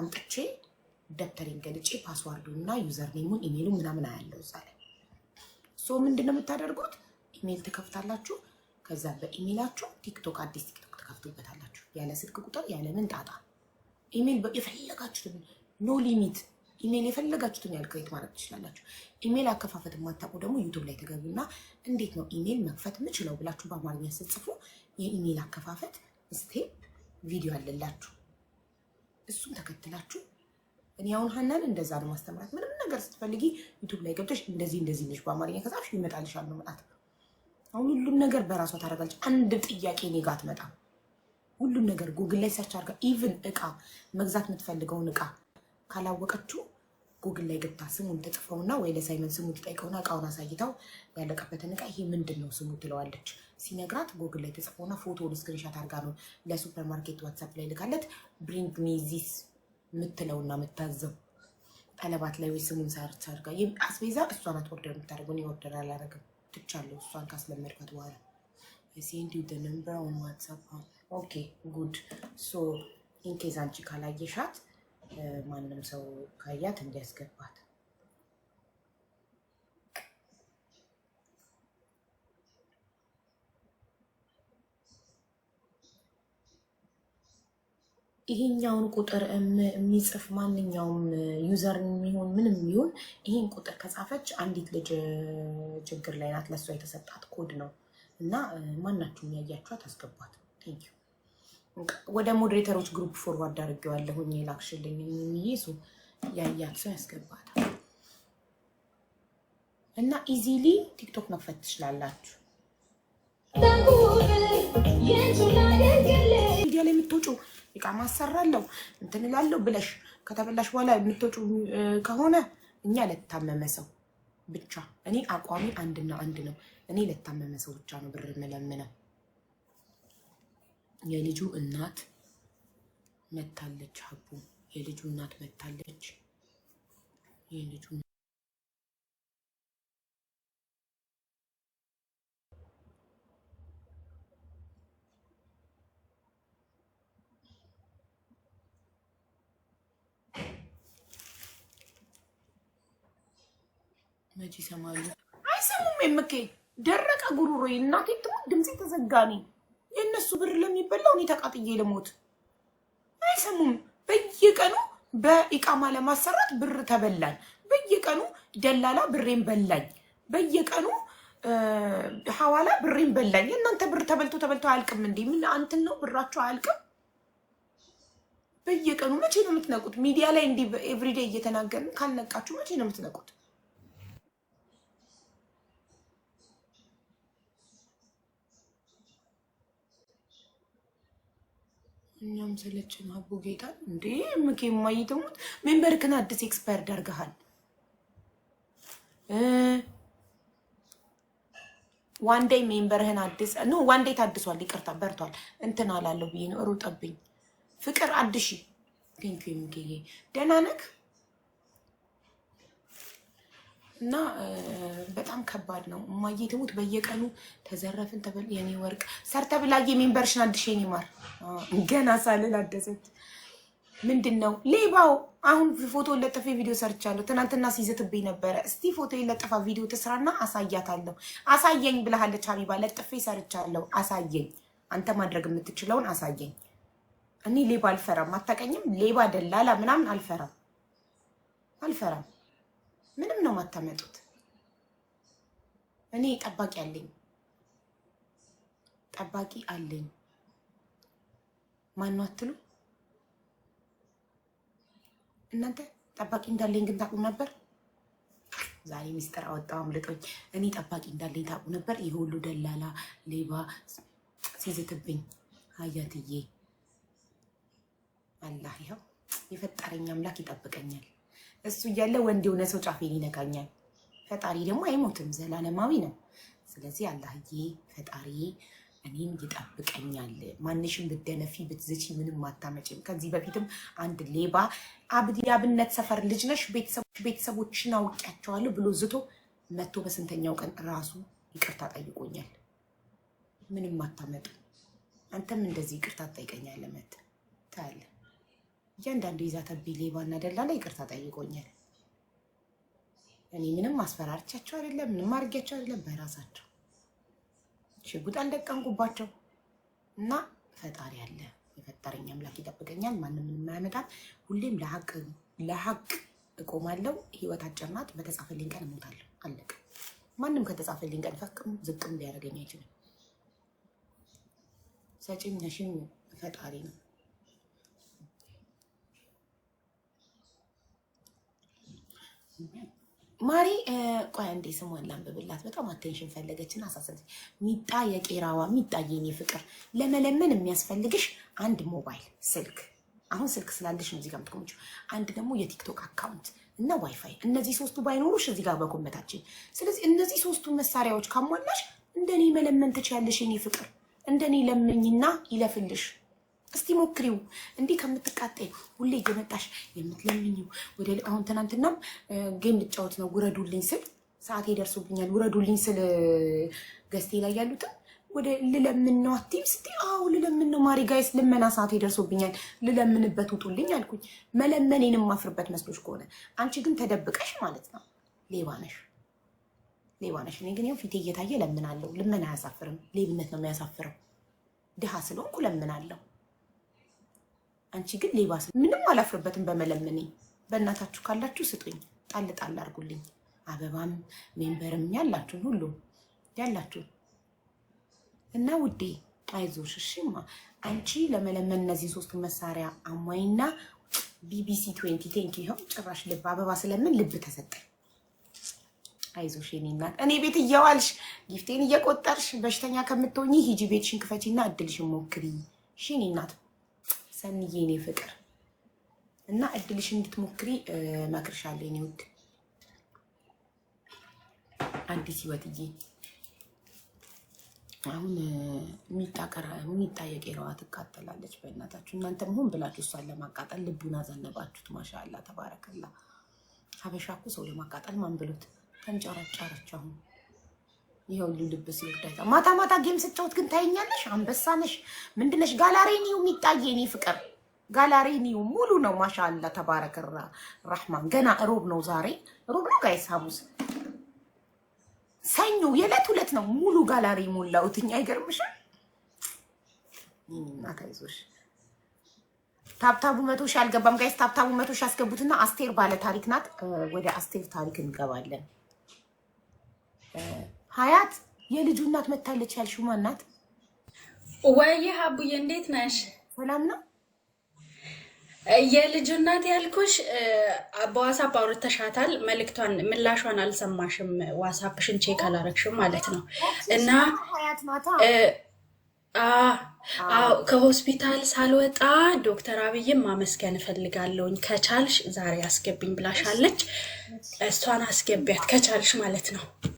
አምጥቼ ደብተሬን ገልጬ ፓስዋርዱና ዩዘር ኔሙን ኢሜይሉ ምናምን አያለው እዛ ላይ። ሶ ምንድነው የምታደርጉት? ኢሜይል ትከፍታላችሁ። ከዛ በኢሜይላችሁ ቲክቶክ አዲስ ቲክቶክ ትከፍቱበታላችሁ። ያለ ስልክ ቁጥር ያለ ምን ጣጣ ኢሜይል የፈለጋችሁትን ኖ ሊሚት ኢሜይል የፈለጋችሁትን ያህል ክሬት ማድረግ ትችላላችሁ። ኢሜይል አከፋፈት የማታውቁ ደግሞ ዩቱብ ላይ ተገቡና እንዴት ነው ኢሜይል መክፈት የምችለው ብላችሁ በአማርኛ ስትጽፉ የኢሜይል አከፋፈት ስቴፕ ቪዲዮ አለላችሁ። እሱም ተከትላችሁ እኔ አሁን ሀናን እንደዛ ነው ማስተምራት። ምንም ነገር ስትፈልጊ ዩቱብ ላይ ገብተሽ እንደዚህ እንደዚህ ነሽ በአማርኛ ከጻፍሽ ይመጣልሻል ነው አሁን ሁሉም ነገር በራሷ ታደርጋለች። አንድ ጥያቄ እኔ ጋ አትመጣም። ሁሉም ነገር ጉግል ላይ ሰርች አድርጋ ኢቭን እቃ መግዛት የምትፈልገውን እቃ ካላወቀችው ጉግል ላይ ገብታ ስሙን ትጽፈውና ወይ ለሳይመን ስሙን ትጠይቀውና እቃውን አሳይታው ያለቀበትን እቃ ይሄ ምንድን ነው ስሙ ትለዋለች። ሲነግራት ጉግል ላይ ተጽፈውና ፎቶውን ስክሪንሻት አድርጋ ነው ለሱፐርማርኬት ማርኬት ዋትሳፕ ላይ ልካለት ብሪንግ ሚ ዚስ ምትለውና ምታዘው ጠለባት ላይ ወይ ስሙን ሰርች አድርጋ አስቤዛ እሷ ናት ኦርደር የምታደርገው። እኔ ኦርደር አላደርግም ትቻለሁ። እሷን ካስለመድኳት በኋላ ሴንድ ዩ ነምበር ኦን ዋትሳፕ ኦኬ ጉድ ሶ ኢንኬዝ አንቺ ካላየሻት ማንም ሰው ካያት እንዲያስገባት። ይሄኛውን ቁጥር የሚጽፍ ማንኛውም ዩዘር የሚሆን ምንም ይሁን ይሄን ቁጥር ከጻፈች አንዲት ልጅ ችግር ላይ ናት። ለእሷ የተሰጣት ኮድ ነው እና ማናችሁ ያያችኋት አስገቧት። ቴንኪው ወደ ሞዴሬተሮች ግሩፕ ፎርዋርድ አድርጌዋለሁኝ። እኔ ላክሽልኝ የሚይዙ ያያል ሰው ያስገባታል። እና ኢዚሊ ቲክቶክ መክፈት ትችላላችሁ። ሚዲያ ላይ የምትወጩ እቃ ማሰራለሁ እንትን እላለሁ ብለሽ ከተበላሽ በኋላ የምትወጩ ከሆነ እኛ ለታመመ ሰው ብቻ እኔ አቋሚ አንድና አንድ ነው። እኔ ለታመመ ሰው ብቻ ነው ብር የምለምነው። የልጁ እናት መታለች። ሀቡ የልጁ እናት መታለች። የልጁ መቼ ይሰማሉ አይሰሙም? የምኬ ደረቀ ጉሮሮዬ እናቴ ትሙት ድምፅ ተዘጋኔ የእነሱ ብር ለሚበላው እኔ ተቃጥዬ ልሞት። አይሰሙም። በየቀኑ በኢቃማ ለማሰራት ብር ተበላኝ። በየቀኑ ደላላ ብሬን በላኝ። በየቀኑ ሐዋላ ብሬን በላኝ። እናንተ ብር ተበልቶ ተበልቶ አያልቅም እንዴ? ምን አንትን ነው ብራችሁ አያልቅም? በየቀኑ መቼ ነው የምትነቁት? ሚዲያ ላይ እንዲህ ኤቭሪዴይ እየተናገርን ካልነቃችሁ መቼ ነው የምትነቁት? እኛም ሰለችን። አቦ ጌታ እንዴ ምክ የማይተሙት ሜምበርክን አዲስ ኤክስፐርድ አድርገሃል። ዋን ዴይ ሜምበርህን አዲስ ኖ ዋን ዴይ ታድሷል። ይቅርታ በርቷል። እንትን አላለው ብዬ ነው ሩጠብኝ። ፍቅር አድሺ ዩ ምክዬ ደህና ነህ? እና በጣም ከባድ ነው። እማዬ ትሙት በየቀኑ ተዘረፍን ተበል የኔ ወርቅ ሰርተ ብላዬ ሜምበርሽን አድሽ የኔ ማር ገና ሳልል አደሰች። ምንድን ነው ሌባው? አሁን ፎቶ ለጥፌ ቪዲዮ ሰርቻለሁ። ትናንትና ሲዘትብኝ ነበረ። እስቲ ፎቶ ለጥፋ ቪዲዮ ትስራና አሳያታለሁ። አሳየኝ ብለሃለች ሀቢባ። ለጥፌ ሰርቻለሁ፣ አሳየኝ። አንተ ማድረግ የምትችለውን አሳየኝ። እኔ ሌባ አልፈራም። አታውቀኝም? ሌባ ደላላ ምናምን አልፈራም፣ አልፈራም ምንም ነው የማታመጡት። እኔ ጠባቂ አለኝ፣ ጠባቂ አለኝ። ማን ነው አትሉ እናንተ? ጠባቂ እንዳለኝ ግን ታውቁ ነበር። ዛሬ ሚስጥር አወጣው አምልጦኝ። እኔ ጠባቂ እንዳለኝ ታውቁ ነበር። ይህ ሁሉ ደላላ ሌባ ሲዝትብኝ አያትዬ አላህ ይኸው የፈጠረኝ አምላክ ይጠብቀኛል። እሱ እያለ ወንድ የሆነ ሰው ጫፌን ይነካኛል። ፈጣሪ ደግሞ አይሞትም፣ ዘላለማዊ ነው። ስለዚህ አላህዬ ፈጣሪ እኔም ይጠብቀኛል። ማንሽም ብደነፊ ብትዝቺ ምንም አታመጭም። ከዚህ በፊትም አንድ ሌባ አብድያብነት ሰፈር ልጅ ነሽ ቤተሰቦችን አውቂያቸዋለሁ ብሎ ዝቶ መቶ በስንተኛው ቀን ራሱ ይቅርታ ጠይቆኛል። ምንም አታመጡ። አንተም እንደዚህ ይቅርታ ትጠይቀኛለህ መተህ ታያለህ። እያንዳንዱ ይዛተብኝ ሌባና ደላላ ይቅርታ ጠይቆኛል። እኔ ምንም አስፈራርቻቸው አይደለም፣ ምንም አድርጌያቸው አይደለም። በራሳቸው ሽጉጥ አልደቀንኩባቸው እና ፈጣሪ አለ። የፈጠረኝ አምላክ ይጠብቀኛል። ማንም ምንም አያመጣም። ሁሌም ለሀቅ እቆማለሁ። ህይወት አጭር ናት። በተጻፈልኝ ቀን እሞታለሁ። አለቀ። ማንም ከተጻፈልኝ ቀን ፈቅም ዝቅም ሊያደርገኝ አይችልም። ሰጪም ነሽም ፈጣሪ ነው። ማሪ ቆይ እንዴ ስሟን ላንብብላት። በጣም አቴንሽን ፈለገችን አሳሰብ ሚጣ የቄራዋ ሚጣ የኔ ፍቅር ለመለመን የሚያስፈልግሽ አንድ ሞባይል ስልክ፣ አሁን ስልክ ስላለሽ ነው እዚህ ጋር የምትቆምጪው። አንድ ደግሞ የቲክቶክ አካውንት እና ዋይፋይ። እነዚህ ሶስቱ ባይኖሩሽ እዚህ ጋር በኮመታችን። ስለዚህ እነዚህ ሶስቱ መሳሪያዎች ካሟላሽ እንደኔ መለመን ትችያለሽ የኔ ፍቅር። እንደኔ ለምኝና ይለፍልሽ። እስቲ ሞክሪው እንዲህ ከምትቃጠይ ሁሌ እየመጣሽ የምትለምኝው ወደ አሁን ትናንትናም ጌም ልጫወት ነው ውረዱልኝ ስል ሰዓቴ ይደርሱብኛል ውረዱልኝ ስል ገዝቴ ላይ ያሉትን ወደ ልለምን ነው አትይም ስትይ አዎ ልለምን ነው ማሪ ጋይስ ልመና ሰዓቴ ይደርሱብኛል ልለምንበት ውጡልኝ አልኩኝ መለመኔን የማፍርበት መስሎች ከሆነ አንቺ ግን ተደብቀሽ ማለት ነው ሌባ ነሽ ሌባ ነሽ እኔ ግን ፊቴ እየታየ ለምናለሁ ልመና አያሳፍርም ሌብነት ነው የሚያሳፍረው ድሃ ስለሆንኩ ለምናለሁ አንቺ ግን ሌባስ ምንም አላፍርበትም በመለመኔ። በእናታችሁ ካላችሁ ስጡኝ፣ ጣል ጣል አድርጉልኝ። አበባም ሜምበርም ያላችሁ ሁሉ ያላችሁ እና ውዴ አይዞሽ እሺማ። አንቺ ለመለመን እነዚህ ሶስት መሳሪያ አሟይና ቢቢሲ ትዌንቲ ቴንኪ። ይኸው ጭራሽ ልብ አበባ ስለምን ልብ ተሰጠ። አይዞሽ የኔ እናት፣ እኔ ቤት እየዋልሽ ጊፍቴን እየቆጠርሽ በሽተኛ ከምትሆኚ ሂጂ ቤትሽን ክፈቺና እድልሽን ሞክሪ። እሺ የኔ እናት ሰንዬ የኔ ፍቅር እና እድልሽ እንድትሞክሪ እመክርሻለሁ። የኔ ውድ አዲስ ህይወትዬ አሁን የሚጠየቅ የረዋ ትቃጠላለች በእናታችሁ እናንተም ሆን ብላችሁ እሷን ለማቃጠል ልቡን አዘነባችሁት። ማሻላ ተባረከላ። ሀበሻ እኮ ሰው ለማቃጠል ማን ብሎት ተንጨረጨረች አሁን ይኸው ልልብስ ይወዳታ ማታ ማታ ጌም ስጫወት ግን ታይኛለሽ። አንበሳ ነሽ ምንድን ነሽ? የሚጣየ እኔ ፍቅር ጋላሪ ሙሉ ነው። ማሻላ ተባረክ ራህማን። ገና ሮብ ነው ዛሬ ሮብ ነው ጋይስ፣ ሐሙስ ሰኞ፣ የዕለት ሁለት ነው ሙሉ ጋላሪ ሞላውትኛ። አይገርምሽም? እና ታይዞሽ ታብታቡ መቶ አልገባም ጋይስ። ታብታቡ መቶ አስገቡትና አስቴር ባለ ታሪክ ናት። ወደ አስቴር ታሪክ እንገባለን። ሀያት የልጁ እናት መታለች ያልሽው ማናት? ወይ ሀቡዬ እንዴት ነሽ? ሰላም ነው። የልጁ እናት ያልኩሽ በዋሳፕ አውርተሻታል። መልእክቷን ምላሿን አልሰማሽም። ዋሳፕሽን ቼክ አላረግሽም ማለት ነው እና አዎ ከሆስፒታል ሳልወጣ ዶክተር አብይም ማመስገን እፈልጋለሁኝ። ከቻልሽ ዛሬ አስገብኝ ብላሻለች። እሷን አስገቢያት ከቻልሽ ማለት ነው።